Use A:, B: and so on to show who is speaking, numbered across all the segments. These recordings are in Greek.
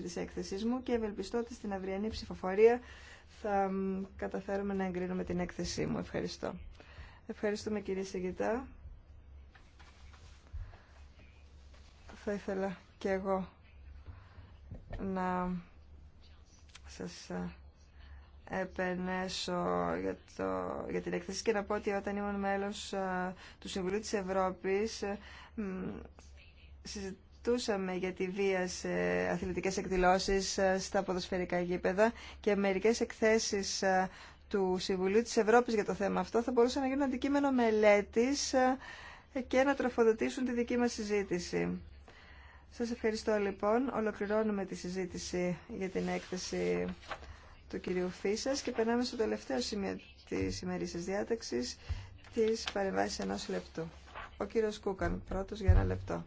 A: της έκθεσή μου και ευελπιστώ ότι στην αυριανή ψηφοφορία θα καταφέρουμε να εγκρίνουμε την έκθεσή μου. Ευχαριστώ. Ευχαριστούμε κύριε Σιγητά. Θα ήθελα και εγώ να σας ε, επενέσω για, το, για την έκθεση και να πω ότι όταν ήμουν μέλος ε, του Συμβουλίου της Ευρώπης ε, συζητούσαμε για τη βία σε αθλητικές εκδηλώσεις ε, στα ποδοσφαιρικά γήπεδα και μερικές εκθέσεις ε, του Συμβουλίου της Ευρώπης για το θέμα αυτό θα μπορούσαν να γίνουν αντικείμενο μελέτης ε, και να τροφοδοτήσουν τη δική μας συζήτηση. Σας ευχαριστώ λοιπόν. Ολοκληρώνουμε τη συζήτηση για την έκθεση του κυρίου Φίσας και περνάμε στο τελευταίο σημείο της ημερήσης διάταξης της παρεμβάσης ενός λεπτού. Ο κύριος Κούκαν, πρώτος για ένα λεπτό.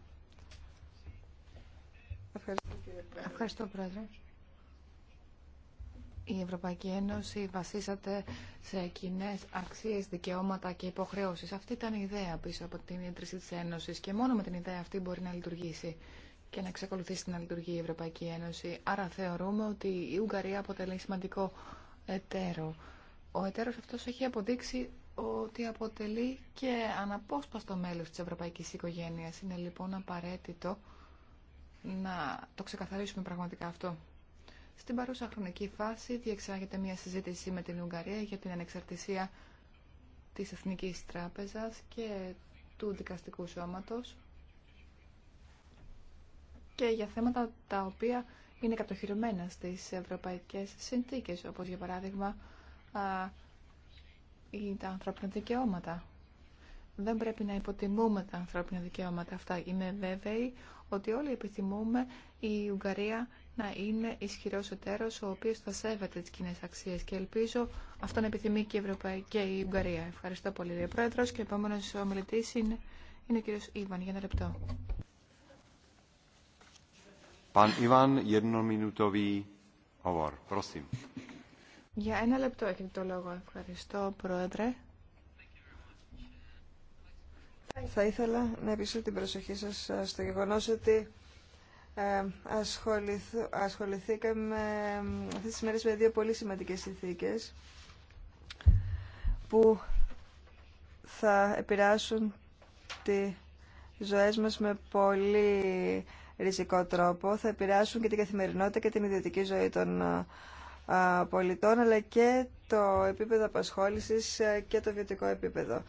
A: Ευχαριστώ,
B: Πρόεδρε. Η Ευρωπαϊκή Ένωση βασίζεται σε κοινέ αξίε, δικαιώματα και υποχρεώσει. Αυτή ήταν η ιδέα πίσω από την ίδρυση τη Ένωση και μόνο με την ιδέα αυτή μπορεί να λειτουργήσει και να εξακολουθήσει να λειτουργεί η Ευρωπαϊκή Ένωση. Άρα θεωρούμε ότι η Ουγγαρία αποτελεί σημαντικό εταίρο. Ο εταίρο αυτό έχει αποδείξει ότι αποτελεί και αναπόσπαστο μέλο τη Ευρωπαϊκή οικογένεια. Είναι λοιπόν απαραίτητο να το ξεκαθαρίσουμε πραγματικά αυτό. Στην παρούσα χρονική φάση διεξάγεται μια συζήτηση με την Ουγγαρία για την ανεξαρτησία της Εθνικής Τράπεζας και του δικαστικού σώματος και για θέματα τα οποία είναι κατοχυρωμένα στις ευρωπαϊκές συνθήκες, όπως για παράδειγμα τα ανθρώπινα δικαιώματα δεν πρέπει να υποτιμούμε τα ανθρώπινα δικαιώματα αυτά. Είμαι βέβαιη ότι όλοι επιθυμούμε η Ουγγαρία να είναι ισχυρός εταίρο ο οποίος θα σέβεται τις κοινέ αξίες και ελπίζω αυτό να επιθυμεί και η, Ευρωπαϊκή, και η Ουγγαρία. Ευχαριστώ πολύ, κύριε πρόεδρο Και ο επόμενος ομιλητής είναι, είναι ο κύριος Ιβαν. Για ένα λεπτό. Παν Για ένα λεπτό έχετε το λόγο.
A: Ευχαριστώ, Πρόεδρε θα ήθελα να επιστήσω την προσοχή σας ε, στο γεγονός ότι ε, ασχοληθήκαμε αυτές τις μέρες με δύο πολύ σημαντικές συνθήκες που θα επηρεάσουν τη ζωές μας με πολύ ριζικό τρόπο. Θα επηρεάσουν και την καθημερινότητα και την ιδιωτική ζωή των ε, πολιτών αλλά και το επίπεδο απασχόλησης και το βιωτικό επίπεδο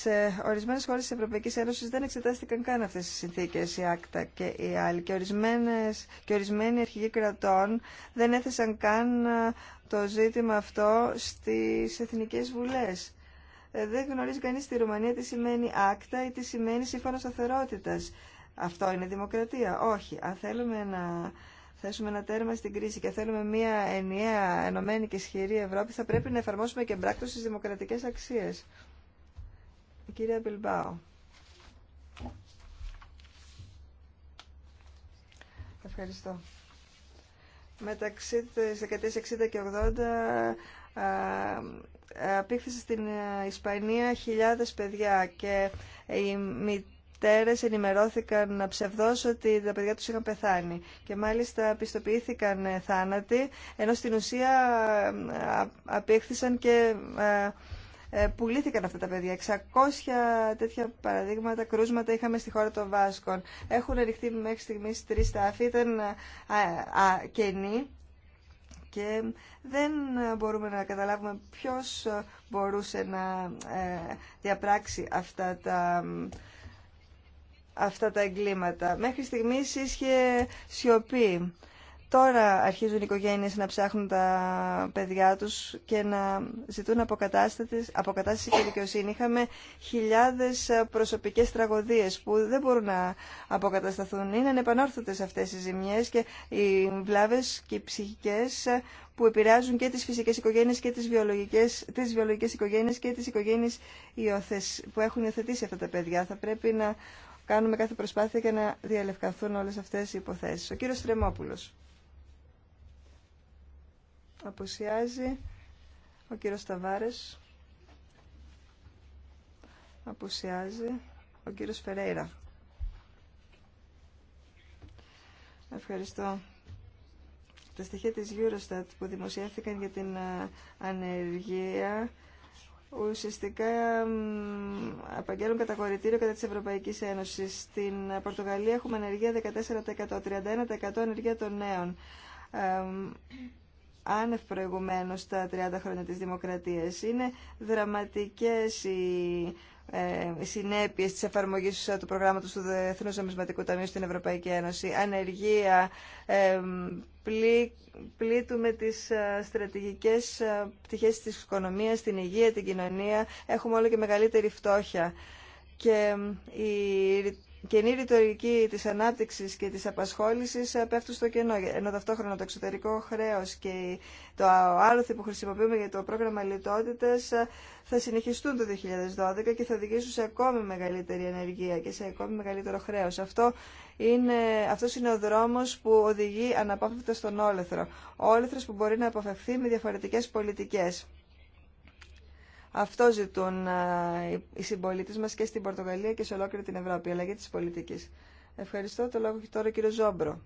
A: σε ορισμένες χώρες της Ευρωπαϊκής Ένωσης δεν εξετάστηκαν καν αυτές οι συνθήκες, η ΆΚΤΑ και οι άλλοι. Και, ορισμένες, και ορισμένοι αρχηγοί κρατών δεν έθεσαν καν ε, το ζήτημα αυτό στις εθνικές βουλές. Ε, δεν γνωρίζει κανείς στη Ρουμανία τι σημαίνει άκτα ή τι σημαίνει σύμφωνο σταθερότητα. Αυτό είναι δημοκρατία. Όχι. Αν θέλουμε να θέσουμε ένα τέρμα στην κρίση και θέλουμε μια ενιαία, ενωμένη και ισχυρή Ευρώπη, θα πρέπει να εφαρμόσουμε και μπράκτο στι δημοκρατικές αξίες κυρία Μπιλμπάου. Ευχαριστώ. Μεταξύ της δεκαετίας 60 και 80 απήχθησε στην Ισπανία χιλιάδες παιδιά και οι μητέρες ενημερώθηκαν ψευδώς ότι τα παιδιά τους είχαν πεθάνει και μάλιστα πιστοποιήθηκαν θάνατοι ενώ στην ουσία απήχθησαν και ε, πουλήθηκαν αυτά τα παιδιά. 600 τέτοια παραδείγματα, κρούσματα είχαμε στη χώρα των Βάσκων. Έχουν ανοιχτεί μέχρι στιγμή τρει τάφοι, ήταν ε, κενή και δεν μπορούμε να καταλάβουμε ποιος μπορούσε να ε, διαπράξει αυτά τα αυτά τα εγκλήματα. Μέχρι στιγμής ίσχυε σιωπή. Τώρα αρχίζουν οι οικογένειες να ψάχνουν τα παιδιά τους και να ζητούν αποκατάσταση και δικαιοσύνη. Είχαμε χιλιάδες ε, προσωπικές τραγωδίες που δεν μπορούν να αποκατασταθούν. Είναι ανεπανόρθωτες αυτές οι ζημιές και οι βλάβες και οι ψυχικές ε, που επηρεάζουν και τις φυσικές οικογένειες και τις βιολογικές, τις βιολογικές οικογένειες και τις οικογένειες που έχουν υιοθετήσει αυτά τα παιδιά. Θα πρέπει να κάνουμε κάθε προσπάθεια για να διαλευκανθούν όλες αυτές οι υποθέσεις. Ο κύριος Τρεμόπουλος. Απουσιάζει ο κύριος Ταβάρες. Απουσιάζει ο κύριος Φερέιρα. Ευχαριστώ. Τα στοιχεία της Eurostat που δημοσιεύθηκαν για την ε, ανεργία ουσιαστικά απαγγέλουν κατακορητήριο κατά της Ευρωπαϊκής Ένωσης. Στην ε, Πορτογαλία έχουμε ανεργία 14%, 31% ανεργία των νέων. Ε, άνευ τα στα 30 χρόνια της δημοκρατίας. Είναι δραματικές οι ε, συνέπειες της εφαρμογής ε, του προγράμματος του Διεθνούς Νομισματικού Ταμείου στην Ευρωπαϊκή Ένωση. Ανεργία, ε, πλήττουμε τις ε, στρατηγικές ε, πτυχές της οικονομίας, την υγεία, την κοινωνία. Έχουμε όλο και μεγαλύτερη φτώχεια. Και η καινή ρητορική της ανάπτυξης και της απασχόλησης ε, πέφτουν στο κενό. Ενώ ταυτόχρονα το εξωτερικό χρέος και το άλοθη που χρησιμοποιούμε για το πρόγραμμα λιτότητες ε, θα συνεχιστούν το 2012 και θα οδηγήσουν σε ακόμη μεγαλύτερη ενεργεια και σε ακόμη μεγαλύτερο χρέος. Αυτό είναι, αυτός είναι ο δρόμος που οδηγεί αναπόφευκτα στον όλεθρο. Ο όλεθρος που μπορεί να αποφευθεί με διαφορετικές πολιτικές. Αυτό ζητούν ε, οι συμπολίτε μα και στην Πορτογαλία και σε ολόκληρη την Ευρώπη, αλλαγή τη πολιτική. Ευχαριστώ. Το λόγο έχει τώρα ο κύριο Ζόμπρο.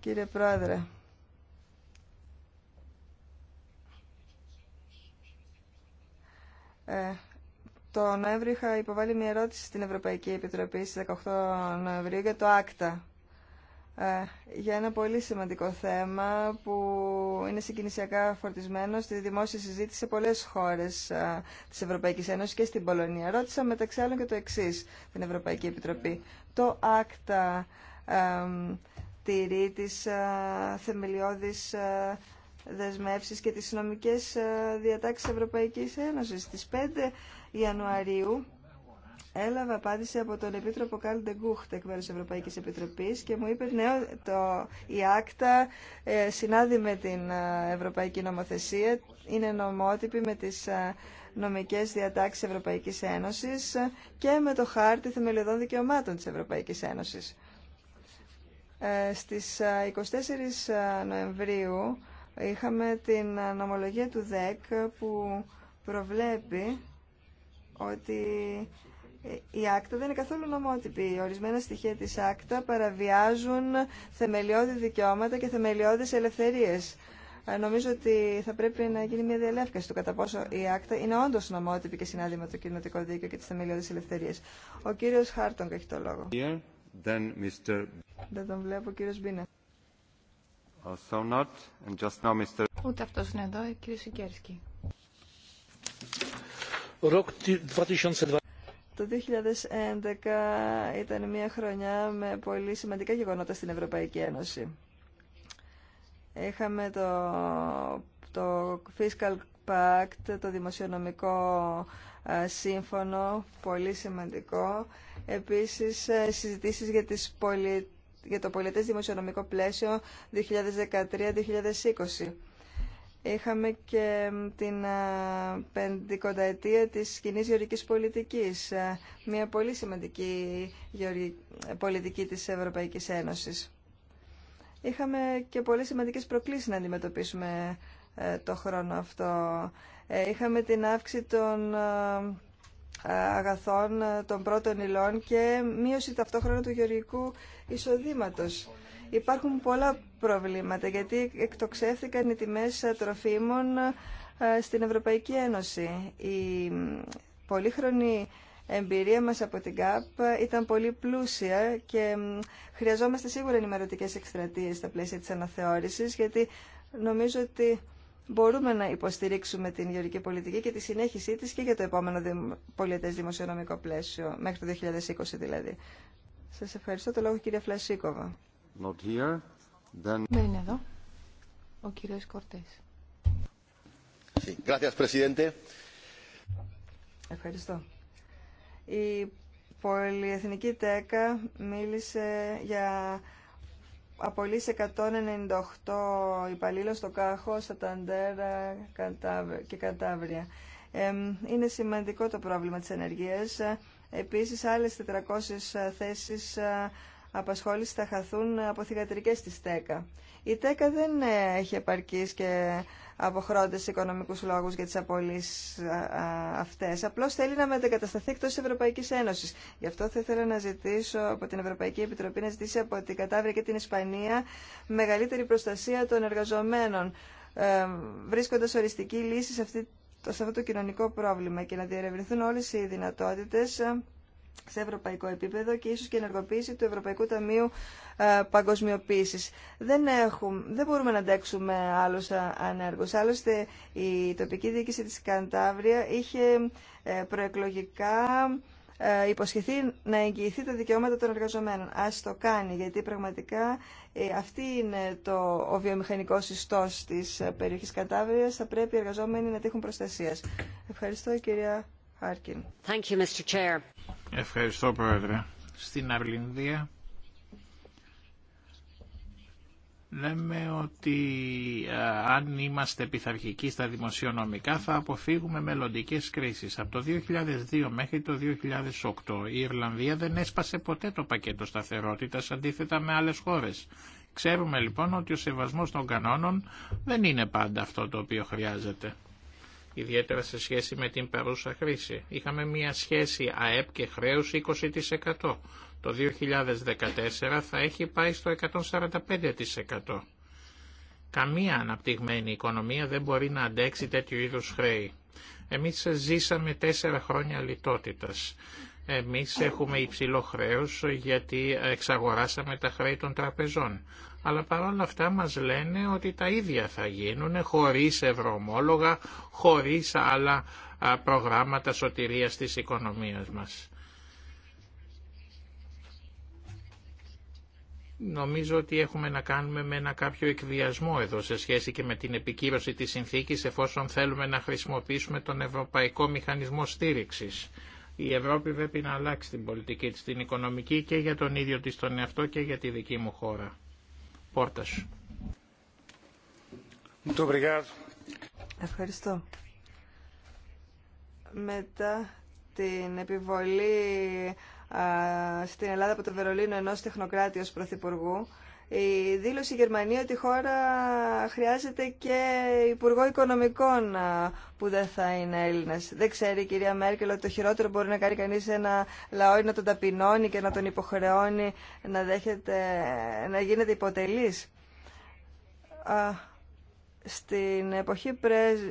A: Κύριε Πρόεδρε. Ε, το Νοέμβριο είχα υποβάλει μια ερώτηση στην Ευρωπαϊκή Επιτροπή στις 18 Νοεμβρίου για το ΑΚΤΑ ε, για ένα πολύ σημαντικό θέμα που είναι συγκινησιακά φορτισμένο στη δημόσια συζήτηση σε πολλές χώρες ε, της Ευρωπαϊκής Ένωσης και στην Πολωνία. Ρώτησα μεταξύ άλλων και το εξής την Ευρωπαϊκή Επιτροπή. Το άκτα ε, τηρεί τις θεμελιώδεις δεσμεύσεις και τις νομικές διατάξεις Ευρωπαϊκής Ένωσης. Στις 5 Ιανουαρίου έλαβα απάντηση από τον Επίτροπο Καλ Ντεγκούχτ εκ μέρου ευρωπαϊκή Επιτροπή και μου είπε ναι, το, η άκτα ε, συνάδει με την ε, Ευρωπαϊκή Νομοθεσία, είναι νομότυπη με τις ε, νομικές διατάξεις Ευρωπαϊκής Ένωσης και με το χάρτη θεμελιωδών δικαιωμάτων τη Ευρωπαϊκή Ένωση. Ε, στις 24 Νοεμβρίου είχαμε την νομολογία του ΔΕΚ που προβλέπει ότι η άκτα δεν είναι καθόλου νομότυπη. Ορισμένα στοιχεία της άκτα παραβιάζουν θεμελιώδη δικαιώματα και θεμελιώδεις ελευθερίες. Ε, νομίζω ότι θα πρέπει να γίνει μια διαλεύκαση του κατά πόσο η άκτα είναι όντω νομότυπη και συνάδει με το κοινωτικό δίκαιο και τι θεμελιώδει ελευθερίε. Ο κύριο Χάρτονγκ έχει το λόγο. Δεν τον βλέπω, ο κύριο Μπίνα.
C: not, and
A: Ούτε αυτό είναι εδώ, ο κύριο Σικέρσκι. Το 2011 ήταν μια χρονιά με πολύ σημαντικά γεγονότα στην Ευρωπαϊκή Ένωση. Είχαμε το, το Fiscal Pact, το Δημοσιονομικό ε, Σύμφωνο, πολύ σημαντικό. Επίσης, ε, συζητήσεις για, τις για το πολιτές δημοσιονομικό πλαίσιο 2013-2020. Είχαμε και την πεντηκονταετία της κοινή γεωργικής πολιτικής, μια πολύ σημαντική πολιτική της Ευρωπαϊκής Ένωσης. Είχαμε και πολύ σημαντικές προκλήσεις να αντιμετωπίσουμε ε, το χρόνο αυτό. Ε, είχαμε την αύξηση των αγαθών ε, των πρώτων υλών και μείωση ταυτόχρονα του γεωργικού εισοδήματος. Υπάρχουν πολλά προβλήματα γιατί εκτοξεύθηκαν οι τιμές τροφίμων ε, στην Ευρωπαϊκή Ένωση. Η πολύχρονη εμπειρία μας από την ΚΑΠ ήταν πολύ πλούσια και χρειαζόμαστε σίγουρα ενημερωτικέ εκστρατείες στα πλαίσια της αναθεώρησης γιατί νομίζω ότι μπορούμε να υποστηρίξουμε την γεωρική πολιτική και τη συνέχισή της και για το επόμενο πολιτές δημοσιονομικό πλαίσιο, μέχρι το 2020 δηλαδή. Σας ευχαριστώ. Το λόγο κυρία Φλασίκοβα. Δεν είναι εδώ. Ο κύριος Κορτές. Ευχαριστώ. Η πολυεθνική ΤΕΚΑ μίλησε για απολύσει 198 υπαλλήλων στο Κάχο, Σαταντέρα και Κατάβρια. Είναι σημαντικό το πρόβλημα της ενεργείας. Επίσης, άλλες 400 θέσεις απασχόληση θα χαθούν από θηγατρικές της ΤΕΚΑ. Η ΤΕΚΑ δεν έχει επαρκείς και αποχρόντες οικονομικούς λόγους για τις απολύσεις αυτές. Απλώς θέλει να μετακατασταθεί εκτός Ευρωπαϊκή Ένωση. Γι' αυτό θα ήθελα να ζητήσω από την Ευρωπαϊκή Επιτροπή να ζητήσει από την Κατάβρια και την Ισπανία μεγαλύτερη προστασία των εργαζομένων, ε, βρίσκοντας οριστική λύση σε αυτή σε αυτό το κοινωνικό πρόβλημα και να διερευνηθούν όλες οι δυνατότητες σε ευρωπαϊκό επίπεδο και ίσως και ενεργοποίηση του Ευρωπαϊκού Ταμείου ε, Παγκοσμιοποίησης. Δεν, έχουμε, δεν μπορούμε να αντέξουμε άλλους ανέργους. Άλλωστε η τοπική διοίκηση της Καντάβρια είχε ε, προεκλογικά ε, υποσχεθεί να εγγυηθεί τα δικαιώματα των εργαζομένων. Ας το κάνει, γιατί πραγματικά αυτή είναι το, ο βιομηχανικός ιστός της περιοχής Καντάβριας. Θα πρέπει οι εργαζόμενοι να τύχουν προστασίας. Ευχαριστώ κυρία
D: Ευχαριστώ, Πρόεδρε. Στην Αρλινδία λέμε ότι αν είμαστε πειθαρχικοί στα δημοσιονομικά θα αποφύγουμε μελλοντικέ κρίσεις. Από το 2002 μέχρι το 2008 η Ιρλανδία δεν έσπασε ποτέ το πακέτο σταθερότητας αντίθετα με άλλες χώρες. Ξέρουμε λοιπόν ότι ο σεβασμός των κανόνων δεν είναι πάντα αυτό το οποίο χρειάζεται ιδιαίτερα σε σχέση με την παρούσα χρήση. Είχαμε μια σχέση ΑΕΠ και χρέους 20%. Το 2014 θα έχει πάει στο 145%. Καμία αναπτυγμένη οικονομία δεν μπορεί να αντέξει τέτοιου είδους χρέη. Εμείς ζήσαμε τέσσερα χρόνια λιτότητας. Εμείς έχουμε υψηλό χρέος γιατί εξαγοράσαμε τα χρέη των τραπεζών αλλά παρόλα αυτά μας λένε ότι τα ίδια θα γίνουν χωρίς ευρωομόλογα, χωρίς άλλα προγράμματα σωτηρίας της οικονομίας μας. Νομίζω ότι έχουμε να κάνουμε με ένα κάποιο εκβιασμό εδώ σε σχέση και με την επικύρωση της συνθήκης εφόσον θέλουμε να χρησιμοποιήσουμε τον Ευρωπαϊκό Μηχανισμό Στήριξης. Η Ευρώπη πρέπει να αλλάξει την πολιτική της, την οικονομική και για τον ίδιο της τον εαυτό και για τη δική μου χώρα. Ευχαριστώ.
A: Μετά την επιβολή στην Ελλάδα από το Βερολίνο ενός τεχνοκράτη ως πρωθυπουργού, η δήλωση η Γερμανία ότι η χώρα χρειάζεται και Υπουργό Οικονομικών που δεν θα είναι Έλληνα. Δεν ξέρει η κυρία Μέρκελ ότι το χειρότερο μπορεί να κάνει κανεί ένα λαό είναι να τον ταπεινώνει και να τον υποχρεώνει να, δέχεται, να γίνεται υποτελή. Στην εποχή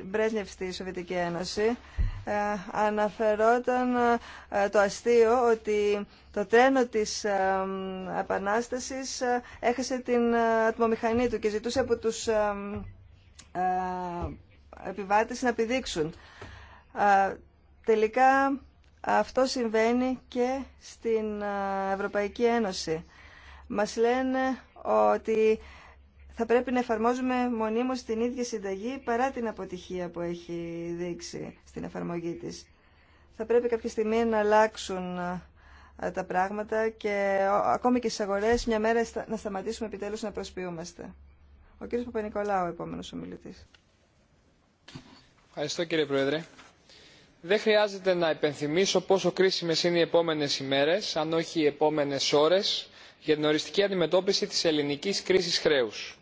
A: Μπρέσνευ στη Σοβιετική Ένωση ε, αναφερόταν ε, το αστείο ότι το τρένο της ε, Επανάστασης έχασε την ατμομηχανή του και ζητούσε από τους επιβάτες να πηδήξουν. Τελικά αυτό συμβαίνει και στην Ευρωπαϊκή Ένωση. Μας λένε ότι θα πρέπει να εφαρμόζουμε μονίμως την ίδια συνταγή παρά την αποτυχία που έχει δείξει στην εφαρμογή της. Θα πρέπει κάποια στιγμή να αλλάξουν τα πράγματα και ακόμη και στις αγορές μια μέρα να σταματήσουμε επιτέλους να προσποιούμαστε. Ο κύριος Παπα-Νικολάου, επόμενος ομιλητής.
E: Ευχαριστώ κύριε Πρόεδρε. Δεν χρειάζεται να υπενθυμίσω πόσο κρίσιμες είναι οι επόμενες ημέρες, αν όχι οι επόμενες ώρες, για την οριστική αντιμετώπιση της ελληνικής κρίσης χρέους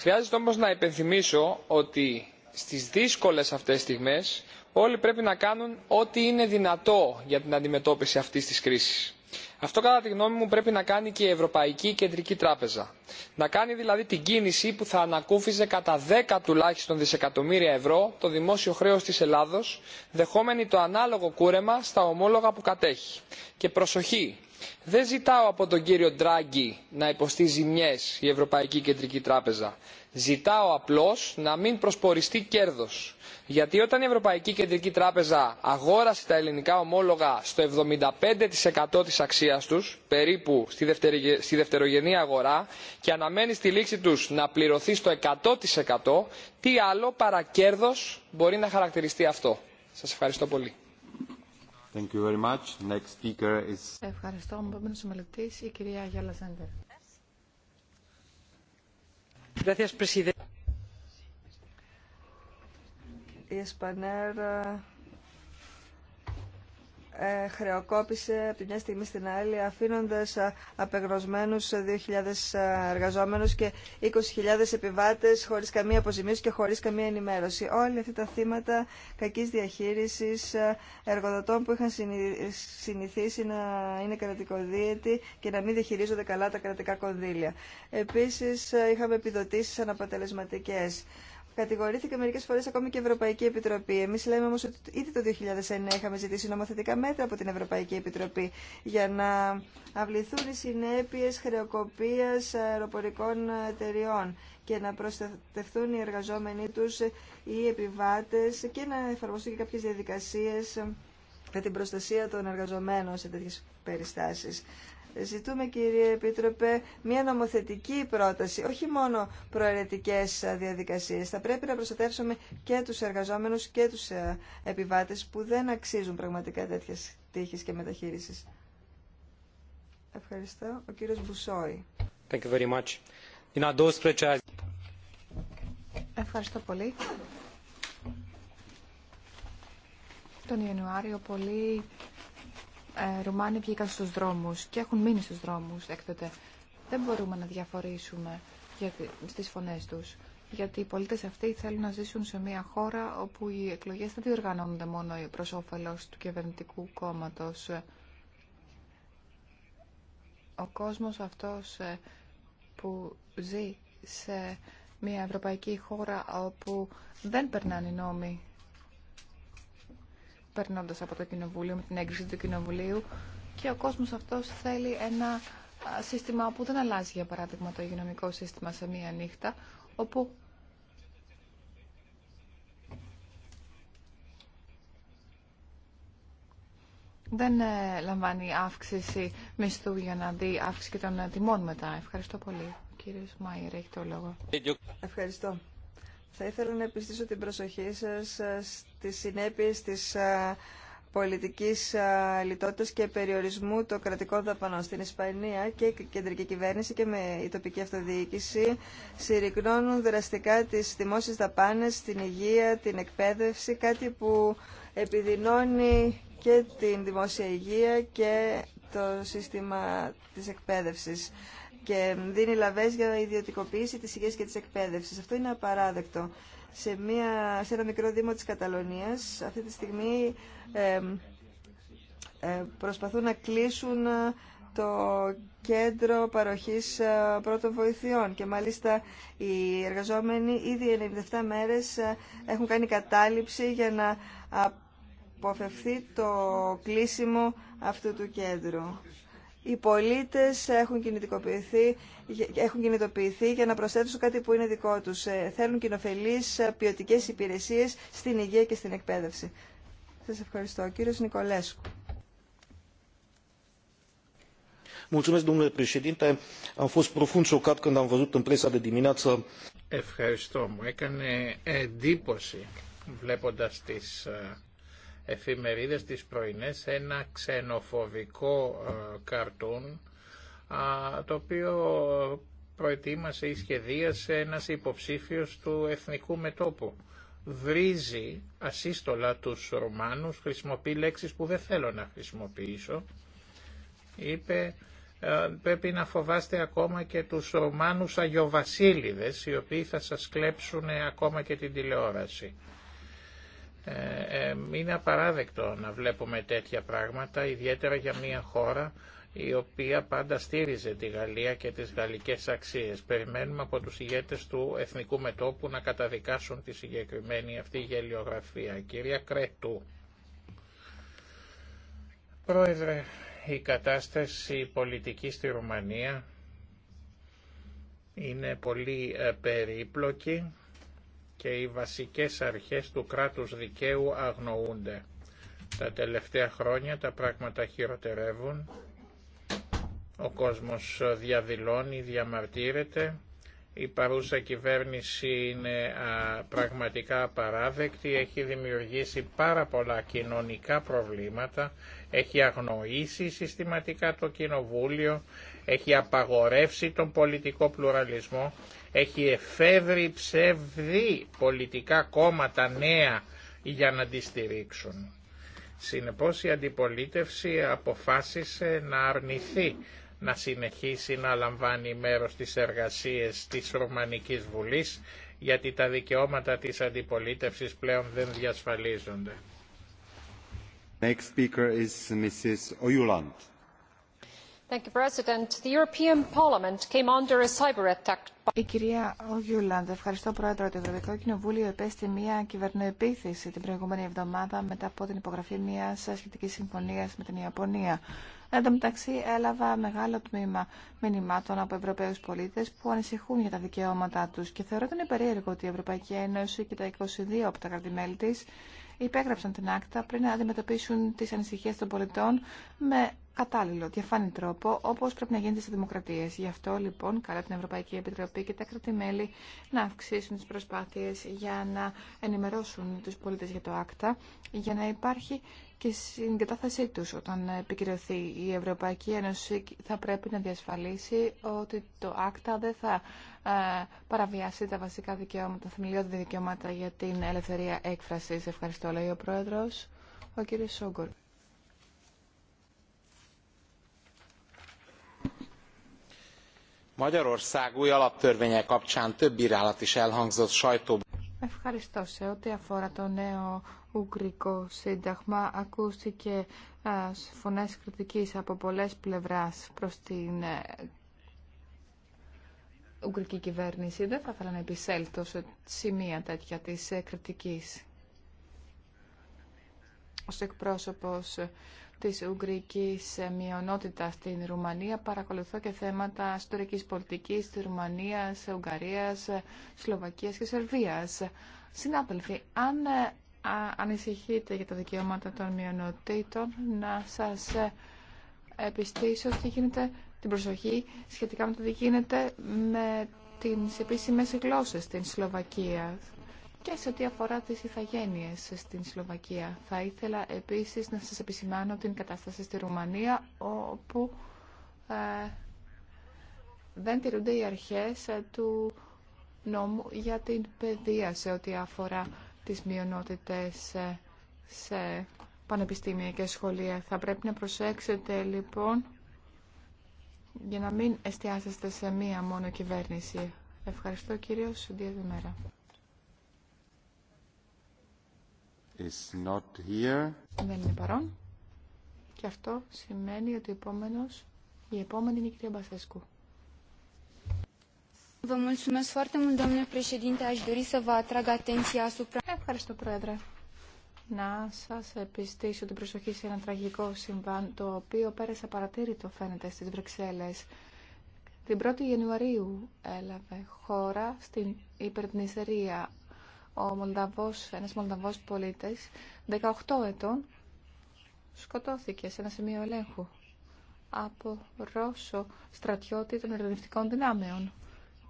E: Χρειάζεται όμως να υπενθυμίσω ότι στις δύσκολες αυτές στιγμές όλοι πρέπει να κάνουν ό,τι είναι δυνατό για την αντιμετώπιση αυτής της κρίσης. Αυτό κατά τη γνώμη μου πρέπει να κάνει και η Ευρωπαϊκή Κεντρική Τράπεζα. Να κάνει δηλαδή την κίνηση που θα ανακούφιζε κατά 10 τουλάχιστον δισεκατομμύρια ευρώ το δημόσιο χρέος της Ελλάδος, δεχόμενη το ανάλογο κούρεμα στα ομόλογα που κατέχει. Και προσοχή, δεν ζητάω από τον κύριο ντράγκη να υποστεί ζημιές η ευρωπαϊκή κεντρική τράπεζα ζητάω απλώς να μην προσποριστεί κέρδος γιατί όταν η ευρωπαϊκή κεντρική τράπεζα αγόρασε τα ελληνικά ομόλογα στο 75% της αξίας τους περίπου στη δευτερογενή αγορά και αναμένει στη λήξη τους να πληρωθεί στο 100% τι άλλο παρά κέρδος μπορεί να χαρακτηριστεί αυτό. Σας ευχαριστώ πολύ.
B: Ευχαριστώ. Ο επόμενο η κυρία Γιάλα Σέντερ.
A: Ε, χρεοκόπησε από τη μια στιγμή στην άλλη αφήνοντας ε, απεγνωσμένους 2.000 ε, εργαζόμενους και 20.000 επιβάτες χωρίς καμία αποζημίωση και χωρίς καμία ενημέρωση. Όλοι αυτά τα θύματα κακής διαχείρισης εργοδοτών που είχαν συνηθίσει να είναι κρατικοδίαιτοι και να μην διαχειρίζονται καλά τα κρατικά κονδύλια. Επίσης είχαμε επιδοτήσεις αναπατελεσματικές Κατηγορήθηκε μερικές φορές ακόμη και η Ευρωπαϊκή Επιτροπή. Εμεί λέμε όμως ότι ήδη το 2009 είχαμε ζητήσει νομοθετικά μέτρα από την Ευρωπαϊκή Επιτροπή για να αυληθούν οι συνέπειε χρεοκοπία αεροπορικών εταιριών και να προστατευτούν οι εργαζόμενοι τους, οι επιβάτες και να εφαρμοστούν και κάποιες διαδικασίε για την προστασία των εργαζομένων σε τέτοιε περιστάσει. Ζητούμε, κύριε Επίτροπε, μια νομοθετική πρόταση, όχι μόνο προαιρετικές ε, διαδικασίες. Θα πρέπει να προστατεύσουμε και τους εργαζόμενους και τους ε, επιβάτες που δεν αξίζουν πραγματικά τέτοιες τύχη και μεταχείρισης. Ευχαριστώ. Ο κύριος Μπουσόη.
E: Thank you very much.
A: Ευχαριστώ πολύ.
B: Τον Ιανουάριο πολύ. Ε, Ρουμάνοι βγήκαν στους δρόμους και έχουν μείνει στους δρόμους έκτοτε. Δεν μπορούμε να διαφορήσουμε στις φωνές τους. Γιατί οι πολίτες αυτοί θέλουν να ζήσουν σε μια χώρα όπου οι εκλογές δεν διοργανώνονται μόνο προς όφελος του κυβερνητικού κόμματος. Ο κόσμος αυτός ε, που ζει σε μια ευρωπαϊκή χώρα όπου δεν περνάνε οι νόμοι Περνώντα από το Κοινοβούλιο, με την έγκριση του Κοινοβουλίου και ο κόσμο αυτό θέλει ένα σύστημα που δεν αλλάζει, για παράδειγμα, το υγειονομικό σύστημα σε μία νύχτα, όπου δεν ε, λαμβάνει αύξηση μισθού για να δει αύξηση και των ε, τιμών μετά. Ευχαριστώ πολύ. Ο κύριος
A: έχει το λόγο. Ευχαριστώ. Θα ήθελα να επιστήσω την προσοχή σας τις συνέπειες της πολιτικής λιτότητας και περιορισμού των κρατικών δαπανών στην Ισπανία και η κεντρική κυβέρνηση και με η τοπική αυτοδιοίκηση συρρυκνώνουν δραστικά τις δημόσιες δαπάνες, στην υγεία, την εκπαίδευση, κάτι που επιδεινώνει και την δημόσια υγεία και το σύστημα της εκπαίδευσης και δίνει λαβές για ιδιωτικοποίηση της υγείας και της εκπαίδευσης. Αυτό είναι απαράδεκτο σε, μια, σε ένα μικρό δήμο της Καταλωνίας αυτή τη στιγμή ε, προσπαθούν να κλείσουν ε, το κέντρο παροχής ε, πρώτων βοηθειών και μάλιστα οι εργαζόμενοι ήδη 97 μέρες έχουν κάνει κατάληψη για να αποφευθεί το κλείσιμο αυτού του κέντρου οι πολίτες έχουν κινητοποιηθεί, έχουν κινητοποιηθεί για να προσθέσουν κάτι που είναι δικό τους. Ε, θέλουν κοινοφελείς ε, ποιοτικέ υπηρεσίες στην υγεία και στην εκπαίδευση. Σας ευχαριστώ. presa κύριος Νικολέσκου.
D: Ευχαριστώ μου. Έκανε εντύπωση βλέποντας τις ε, εφημερίδες της πρωινές ένα ξενοφοβικό ε, καρτούν το οποίο προετοίμασε ή σε ένας υποψήφιος του Εθνικού μετόπου Βρίζει ασύστολα τους Ρωμάνους, χρησιμοποιεί λέξεις που δεν θέλω να χρησιμοποιήσω. Είπε ε, πρέπει να φοβάστε ακόμα και τους Ρωμάνους Αγιοβασίλιδες, οι οποίοι θα σας κλέψουν ακόμα και την τηλεόραση. Ε, ε, είναι απαράδεκτο να βλέπουμε τέτοια πράγματα, ιδιαίτερα για μια χώρα η οποία πάντα στήριζε τη Γαλλία και τις γαλλικές αξίες. Περιμένουμε από τους ηγέτες του Εθνικού Μετώπου να καταδικάσουν τη συγκεκριμένη αυτή γελιογραφία. Κυρία Κρέτου. Πρόεδρε, η κατάσταση πολιτική στη Ρουμανία είναι πολύ ε, περίπλοκη και οι βασικές αρχές του κράτους δικαίου αγνοούνται. Τα τελευταία χρόνια τα πράγματα χειροτερεύουν, ο κόσμος διαδηλώνει, διαμαρτύρεται, η παρούσα κυβέρνηση είναι πραγματικά απαράδεκτη, έχει δημιουργήσει πάρα πολλά κοινωνικά προβλήματα, έχει αγνοήσει συστηματικά το κοινοβούλιο, έχει απαγορεύσει τον πολιτικό πλουραλισμό έχει εφεύρει ψευδή πολιτικά κόμματα νέα για να τη στηρίξουν. Συνεπώς η αντιπολίτευση αποφάσισε να αρνηθεί να συνεχίσει να λαμβάνει μέρος της εργασίες της Ρωμανικής Βουλής γιατί τα δικαιώματα της αντιπολίτευσης πλέον δεν διασφαλίζονται.
C: Next speaker is Mrs.
B: Mr. President, the European Parliament came under a cyber attack. Η κυρία ευχαριστώ Πρόεδρο. Το Ευρωπαϊκό Κοινοβούλιο επέστη μια κυβερνοεπίθεση την προηγούμενη εβδομάδα μετά από την υπογραφή μια σχετική συμφωνία με την Ιαπωνία. Εν τω μεταξύ έλαβα μεγάλο τμήμα μηνυμάτων από Ευρωπαίου πολίτε που ανησυχούν για τα δικαιώματά του και θεωρώ ότι είναι περίεργο ότι η Ευρωπαϊκή Ένωση και τα 22 από τα κρατημέλη τη υπέγραψαν την άκτα πριν να αντιμετωπίσουν τι ανησυχίε των πολιτών με κατάλληλο, διαφάνη τρόπο, όπω πρέπει να γίνεται σε δημοκρατίε. Γι' αυτό, λοιπόν, καλά την Ευρωπαϊκή Επιτροπή και τα κράτη-μέλη να αυξήσουν τι προσπάθειε για να ενημερώσουν του πολίτε για το άκτα, για να υπάρχει και στην κατάθεσή του όταν επικυρωθεί η Ευρωπαϊκή Ένωση θα πρέπει να διασφαλίσει ότι το άκτα δεν θα ε, παραβιάσει τα βασικά δικαιώματα, τα θεμελιώδη δικαιώματα για την ελευθερία έκφραση. Ευχαριστώ, λέει ο πρόεδρο, ο κύριο Σόγκορ. Ευχαριστώ. Σε ό,τι αφορά το νέο Ουγγρικό Σύνταγμα, ακούστηκε ε, φωνές κριτικής από πολλές πλευράς προς την ε, Ουγγρική κυβέρνηση. Δεν θα ήθελα να επισέλθω σε σημεία τέτοια της ε, κριτικής. Ως εκπρόσωπος της Ουγγρικής μειονότητας στην Ρουμανία. Παρακολουθώ και θέματα ιστορικής πολιτικής της Ρουμανίας, Ουγγαρίας, Σλοβακίας και Σερβίας. Συνάδελφοι, αν ε, ανησυχείτε για τα δικαιώματα των μειονοτήτων, να σας ε, επιστήσω ότι γίνεται την προσοχή σχετικά με το τι γίνεται με τις επίσημες γλώσσες στην Σλοβακία και σε ό,τι αφορά τι ηθαγένειε στην Σλοβακία. Θα ήθελα επίσης να σα επισημάνω την κατάσταση στη Ρουμανία, όπου ε, δεν τηρούνται οι αρχές ε, του νόμου για την παιδεία σε ό,τι αφορά τις μειονότητες ε, σε πανεπιστήμια και σχολεία. Θα πρέπει να προσέξετε λοιπόν για να μην εστιάσετε σε μία μόνο κυβέρνηση. Ευχαριστώ Σουντία Δημέρα.
C: Δεν
B: είναι παρόν. Και αυτό σημαίνει ότι επόμενος, η επόμενη είναι η κυρία Μπασέσκου. Ευχαριστώ, Πρόεδρε. Να σας επιστήσω την προσοχή σε ένα τραγικό συμβάν, το οποίο πέρασε παρατήρητο φαίνεται στις Βρυξέλλες. Την 1η Ιανουαρίου έλαβε χώρα στην υπερπνησερία ο Μολδαβός, ένας Μολδαβός πολίτης, 18 ετών, σκοτώθηκε σε ένα σημείο ελέγχου από Ρώσο στρατιώτη των ερευνητικών δυνάμεων.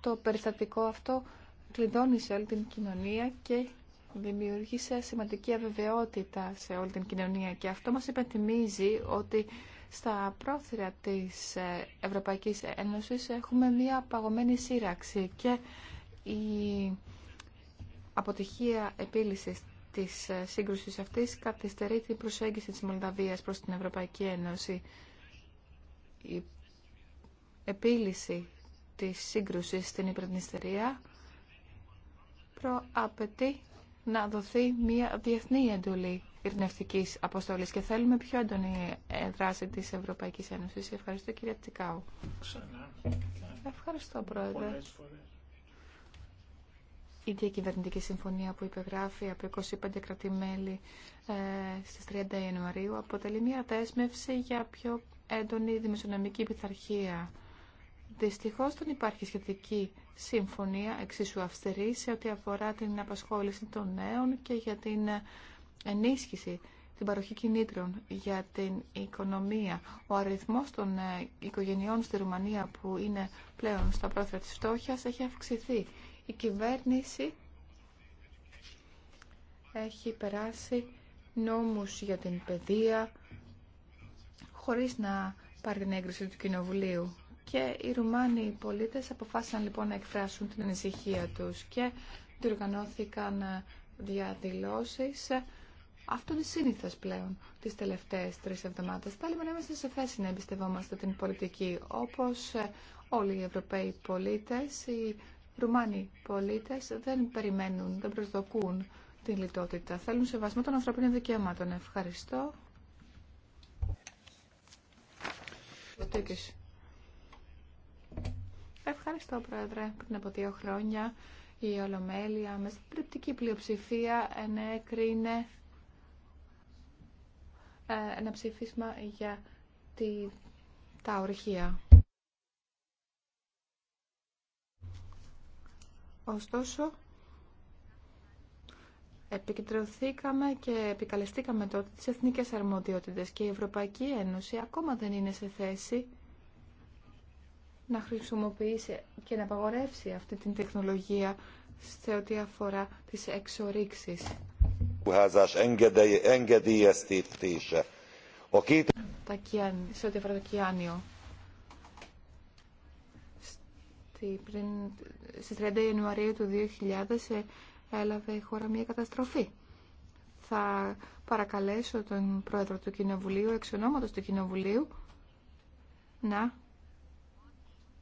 B: Το περιστατικό αυτό κλειδώνει σε όλη την κοινωνία και δημιούργησε σημαντική αβεβαιότητα σε όλη την κοινωνία και αυτό μας υπενθυμίζει ότι στα πρόθυρα της ε, Ευρωπαϊκής Ένωσης έχουμε μία παγωμένη σύραξη και η αποτυχία επίλυση της ε, σύγκρουσης αυτής καθυστερεί την προσέγγιση της Μολδαβίας προς την Ευρωπαϊκή Ένωση. Η επίλυση της σύγκρουσης στην Υπερνηστερία προαπαιτεί να δοθεί μια διεθνή εντολή ειρνευτική αποστολή και θέλουμε πιο έντονη ε, δράση τη Ευρωπαϊκή Ένωση. Ευχαριστώ, κυρία Τσικάου. Ευχαριστώ, Πρόεδρε η διακυβερνητική συμφωνία που υπεγράφει από 25 κρατημέλη ε, στις 30 Ιανουαρίου αποτελεί μια δέσμευση για πιο έντονη δημοσιονομική πειθαρχία. Δυστυχώς δεν υπάρχει σχετική συμφωνία εξίσου αυστηρή σε ό,τι αφορά την απασχόληση των νέων και για την ενίσχυση την παροχή κινήτρων για την οικονομία. Ο αριθμός των ε, οικογενειών στη Ρουμανία που είναι πλέον στα πρόθυρα της φτώχειας έχει αυξηθεί η κυβέρνηση έχει περάσει νόμους για την παιδεία χωρίς να πάρει την έγκριση του Κοινοβουλίου. Και οι Ρουμάνοι πολίτες αποφάσισαν λοιπόν να εκφράσουν την ανησυχία τους και διοργανώθηκαν ε, διαδηλώσεις αυτό είναι σύνηθε πλέον τις τελευταίες τρεις εβδομάδες. Τα να είμαστε σε θέση να εμπιστευόμαστε την πολιτική. Όπως ε, όλοι οι Ευρωπαίοι πολίτες, οι Ρουμάνοι πολίτε δεν περιμένουν, δεν προσδοκούν την λιτότητα. Θέλουν σεβασμό των ανθρωπίνων δικαιωμάτων. Ευχαριστώ. Ευχαριστώ, Πρόεδρε. Πριν από δύο χρόνια η Ολομέλεια με συντριπτική πλειοψηφία ενέκρινε ε, ένα ψήφισμα για τη... τα ορυχεία. Ωστόσο, επικεντρωθήκαμε και επικαλεστήκαμε τότε τις εθνικές αρμοδιότητες και η Ευρωπαϊκή Ένωση ακόμα δεν είναι σε θέση να χρησιμοποιήσει και να απαγορεύσει αυτή την τεχνολογία σε ό,τι αφορά τις εξορίξεις. Τα σε ό,τι αφορά το κιάνιο ότι πριν, στις 30 Ιανουαρίου του 2000 ε, έλαβε η χώρα μια καταστροφή. Θα παρακαλέσω τον πρόεδρο του Κοινοβουλίου, εξ του Κοινοβουλίου, να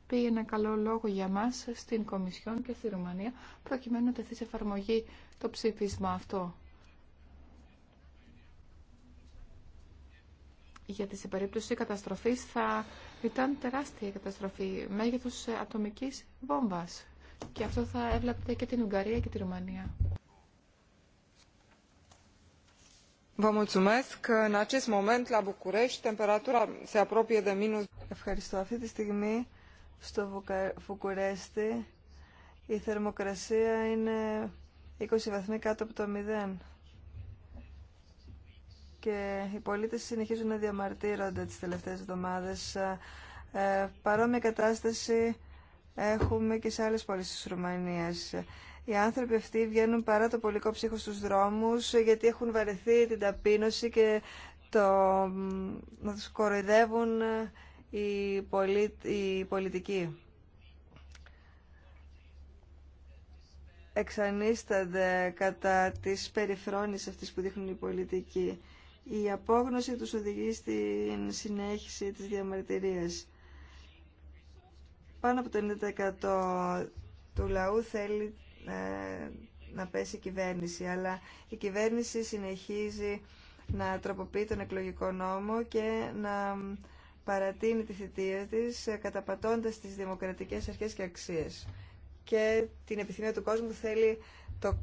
B: πει ένα καλό λόγο για μας στην Κομισιόν και στη Ρουμανία, προκειμένου να τεθεί σε εφαρμογή το ψήφισμα αυτό. Γιατί σε περίπτωση καταστροφής θα ήταν τεράστια η καταστροφή, μέγεθος ε, ατομικής βόμβας. Και αυτό θα έβλαπτε και την Ουγγαρία και τη Ρουμανία.
A: Ευχαριστώ. Αυτή τη στιγμή στο Βουκουρέστι η θερμοκρασία είναι 20 βαθμοί κάτω από το 0 και οι πολίτες συνεχίζουν να διαμαρτύρονται τις τελευταίες εβδομάδες. Ε, παρόμοια κατάσταση έχουμε και σε άλλες πόλεις της Ρουμανίας. Οι άνθρωποι αυτοί βγαίνουν παρά το πολύ ψύχο στους δρόμους γιατί έχουν βαρεθεί την ταπείνωση και το, να τους κοροϊδεύουν οι, οι πολιτικοί. Εξανίστανται κατά της περιφρόνησης αυτής που δείχνουν οι πολιτικοί η απόγνωση του οδηγεί στην συνέχιση της διαμαρτυρίας. Πάνω από το 90% του λαού θέλει ε, να πέσει η κυβέρνηση, αλλά η κυβέρνηση συνεχίζει να τροποποιεί τον εκλογικό νόμο και να παρατείνει τη θητεία της ε, καταπατώντας τις δημοκρατικές αρχές και αξίες. Και την επιθυμία του κόσμου θέλει το,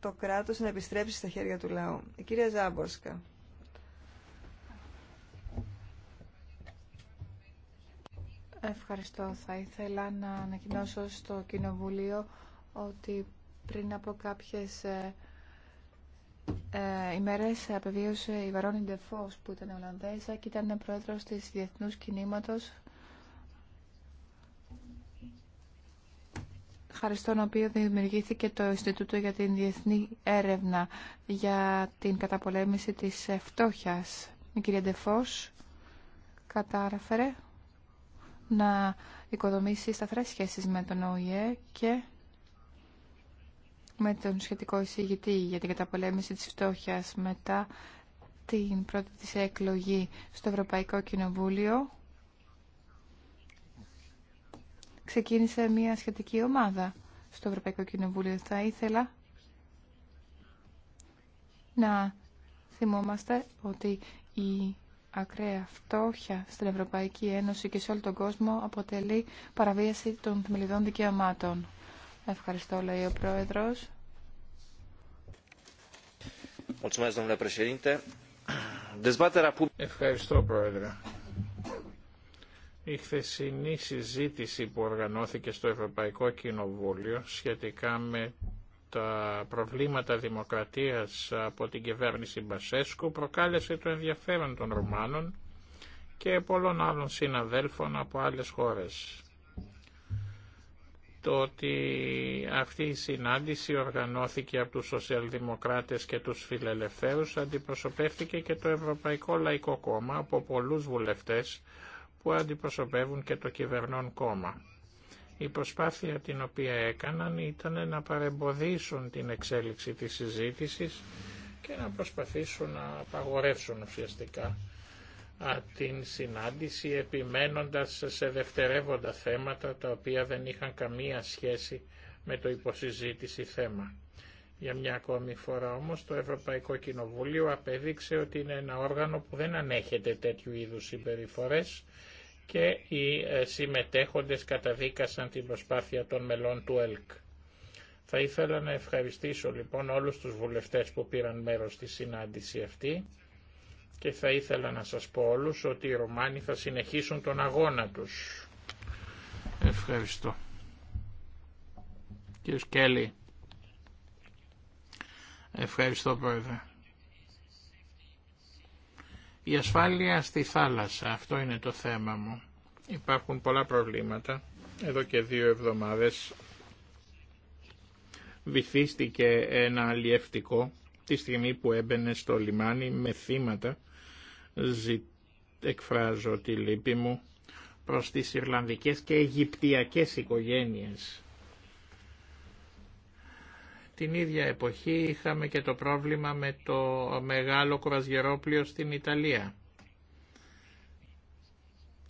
A: το κράτος να επιστρέψει στα χέρια του λαού. Η κυρία Ζάμπορσκα.
B: Ευχαριστώ. Θα ήθελα να ανακοινώσω στο Κοινοβουλίο ότι πριν από κάποιες ε, ε ημέρες απεβίωσε η Βαρόνι Ντεφός που ήταν Ολλανδέζα και ήταν πρόεδρος της Διεθνούς Κινήματος χάρη στον οποίο δημιουργήθηκε το Ινστιτούτο για την Διεθνή Έρευνα για την καταπολέμηση της φτώχειας. Η κυρία Ντεφός κατάφερε να οικοδομήσει σταθερές σχέσεις με τον ΟΗΕ και με τον σχετικό εισηγητή για την καταπολέμηση της φτώχειας μετά την πρώτη της εκλογή στο Ευρωπαϊκό Κοινοβούλιο ξεκίνησε μια σχετική ομάδα στο Ευρωπαϊκό Κοινοβούλιο. Θα ήθελα να θυμόμαστε ότι η ακραία φτώχεια στην Ευρωπαϊκή Ένωση και σε όλο τον κόσμο αποτελεί παραβίαση των θεμελιδών δικαιωμάτων. Ευχαριστώ, λέει ο Πρόεδρος.
D: Ευχαριστώ, Πρόεδρε. Η χθεσινή συζήτηση που οργανώθηκε στο Ευρωπαϊκό Κοινοβούλιο σχετικά με τα προβλήματα δημοκρατίας από την κυβέρνηση Μπασέσκου προκάλεσε το ενδιαφέρον των Ρουμάνων και πολλών άλλων συναδέλφων από άλλες χώρες. Το ότι αυτή η συνάντηση οργανώθηκε από τους σοσιαλδημοκράτες και τους φιλελευθέρους αντιπροσωπεύτηκε και το Ευρωπαϊκό Λαϊκό Κόμμα από πολλούς βουλευτές που αντιπροσωπεύουν και το κυβερνών κόμμα. Η προσπάθεια την οποία έκαναν ήταν να παρεμποδίσουν την εξέλιξη της συζήτησης και να προσπαθήσουν να απαγορεύσουν ουσιαστικά την συνάντηση επιμένοντας σε δευτερεύοντα θέματα τα οποία δεν είχαν καμία σχέση με το υποσυζήτηση θέμα. Για μια ακόμη φορά όμως το Ευρωπαϊκό Κοινοβούλιο απέδειξε ότι είναι ένα όργανο που δεν ανέχεται τέτοιου είδους συμπεριφορές και οι ε, συμμετέχοντες καταδίκασαν την προσπάθεια των μελών του ΕΛΚ. Θα ήθελα να ευχαριστήσω λοιπόν όλους τους βουλευτές που πήραν μέρος στη συνάντηση αυτή και θα ήθελα να σας πω όλους ότι οι Ρωμάνοι θα συνεχίσουν τον αγώνα τους. Ευχαριστώ. Κύριος Κέλλη. Ευχαριστώ πρόεδρε. Η ασφάλεια στη θάλασσα, αυτό είναι το θέμα μου. Υπάρχουν πολλά προβλήματα. Εδώ και δύο εβδομάδες βυθίστηκε ένα αλλιευτικό τη στιγμή που έμπαινε στο λιμάνι με θύματα. Ζη... Εκφράζω τη λύπη μου προς τις Ιρλανδικές και Αιγυπτιακές οικογένειες την ίδια εποχή είχαμε και το πρόβλημα με το μεγάλο κρουαζιερόπλιο στην Ιταλία.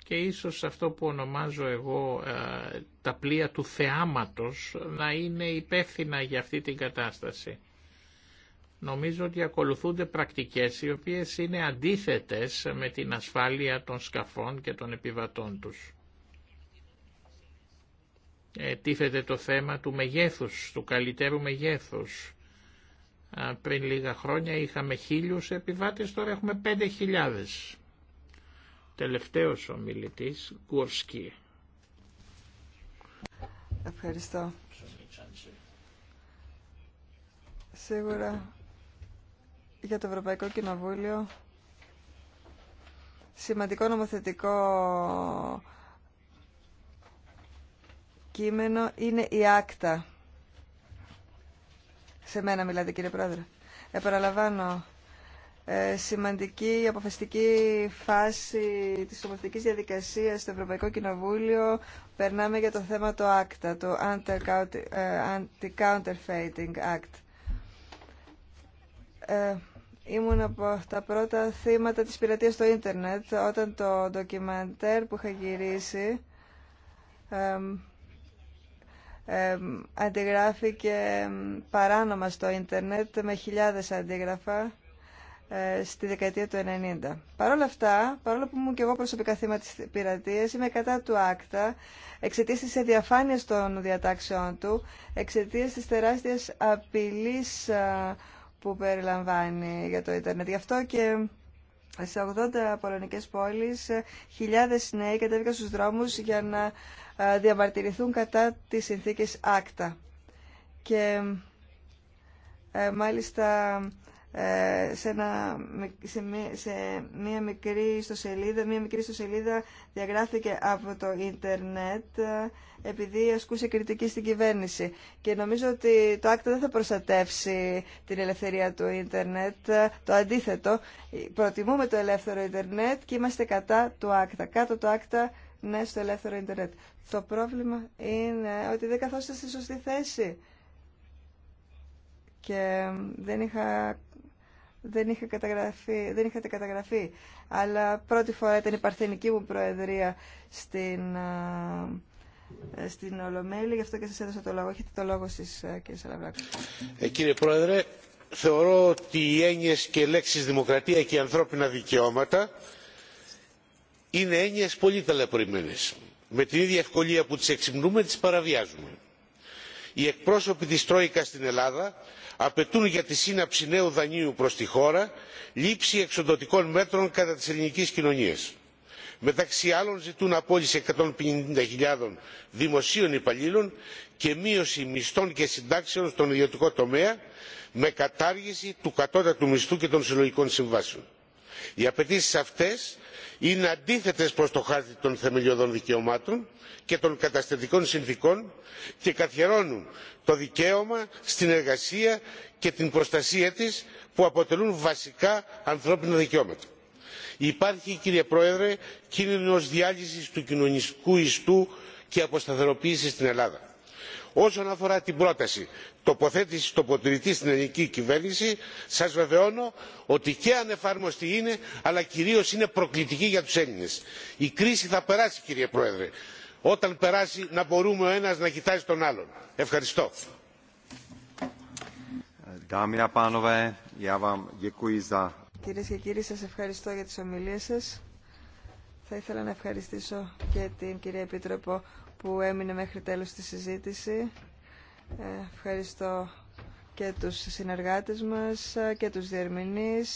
D: Και ίσως αυτό που ονομάζω εγώ ε, τα πλοία του θεάματος να είναι υπεύθυνα για αυτή την κατάσταση. Νομίζω ότι ακολουθούνται πρακτικές οι οποίες είναι αντίθετες με την ασφάλεια των σκαφών και των επιβατών τους. Ε, τίθεται το θέμα του μεγέθους, του καλύτερου μεγέθους. Πριν λίγα χρόνια είχαμε χίλιους επιβάτες, τώρα έχουμε πέντε χιλιάδες. Τελευταίος ο μιλητής,
A: Ευχαριστώ. Σίγουρα για το Ευρωπαϊκό Κοινοβούλιο σημαντικό νομοθετικό κείμενο είναι η άκτα. Σε μένα μιλάτε κύριε Πρόεδρε. Επαναλαμβάνω, ε, σημαντική αποφασιστική φάση της ομοθετικής διαδικασίας στο Ευρωπαϊκό Κοινοβούλιο περνάμε για το θέμα το άκτα, το ε, Anti-Counterfeiting Act. Ε, ήμουν από τα πρώτα θύματα της πειρατείας στο ίντερνετ όταν το ντοκιμαντέρ που είχα γυρίσει ε, αντιγράφηκε παράνομα στο ίντερνετ με χιλιάδες αντίγραφα ε, στη δεκαετία του 90. Παρ' όλα αυτά, παρόλο που ήμουν και εγώ προσωπικά θύμα της πειρατείας, είμαι κατά του άκτα, εξαιτίας της αδιαφάνειας των διατάξεων του, εξαιτίας της τεράστιας απειλής ε, που περιλαμβάνει για το ίντερνετ. Γι' αυτό και σε 80 πολωνικές πόλεις, ε, χιλιάδες νέοι κατέβηκαν στους δρόμους για να διαμαρτυρηθούν κατά τις συνθήκες άκτα. Και ε, μάλιστα ε, σε, ένα, μία, σε μία μικρή ιστοσελίδα, μία μικρή ιστοσελίδα διαγράφηκε από το ίντερνετ ε, επειδή ασκούσε κριτική στην κυβέρνηση. Και νομίζω ότι το άκτα δεν θα προστατεύσει την ελευθερία του ίντερνετ. Το αντίθετο, προτιμούμε το ελεύθερο ίντερνετ και είμαστε κατά του άκτα. Κάτω το άκτα ναι στο ελεύθερο ίντερνετ. Το πρόβλημα είναι ότι δεν καθόσαστε στη σωστή θέση και δεν είχα δεν, είχα καταγραφεί, δεν είχατε καταγραφεί. Αλλά πρώτη φορά ήταν η παρθενική μου προεδρία στην, ε, στην Ολομέλη, γι' αυτό και σας έδωσα το λόγο. Έχετε το λόγο και ε, κύριε Σαλαβράκο.
C: Ε, κύριε Πρόεδρε, θεωρώ ότι οι έννοιες και λέξεις δημοκρατία και ανθρώπινα δικαιώματα είναι έννοιες πολύ ταλαιπωρημένες. Με την ίδια ευκολία που τις εξυμνούμε τις παραβιάζουμε. Οι εκπρόσωποι της Τρόικας στην Ελλάδα απαιτούν για τη σύναψη νέου δανείου προς τη χώρα λήψη εξοδοτικών μέτρων κατά της ελληνικής κοινωνίας. Μεταξύ άλλων ζητούν απόλυση 150.000 δημοσίων υπαλλήλων και μείωση μισθών και συντάξεων στον ιδιωτικό τομέα με κατάργηση του κατώτατου μισθού και των συλλογικών συμβάσεων οι απαιτήσει αυτές είναι αντίθετες προς το χάρτη των θεμελιωδών δικαιωμάτων και των καταστατικών συνθήκων και καθιερώνουν το δικαίωμα στην εργασία και την προστασία της που αποτελούν βασικά ανθρώπινα δικαιώματα. υπάρχει κύριε πρόεδρε κίνδυνο διάλυσης του κοινωνικού ιστού και αποσταθεροποίησης στην ελλάδα όσον αφορά την πρόταση τοποθέτηση τοποτηρητή στην ελληνική κυβέρνηση σα βεβαιώνω ότι και ανεφάρμοστη είναι αλλά κυρίω είναι προκλητική για του έλληνε. η κρίση θα περάσει κύριε πρόεδρε. όταν περάσει να μπορούμε ο ένα να κοιτάζει τον άλλον. ευχαριστώ.
A: Κυρίε και κύριοι, σα ευχαριστώ για τι ομιλίε σα. Θα ήθελα να ευχαριστήσω και την κυρία Επίτροπο που έμεινε μέχρι τέλος τη συζήτηση. Ε, ευχαριστώ και τους συνεργάτες μας ε, και τους διερμηνείς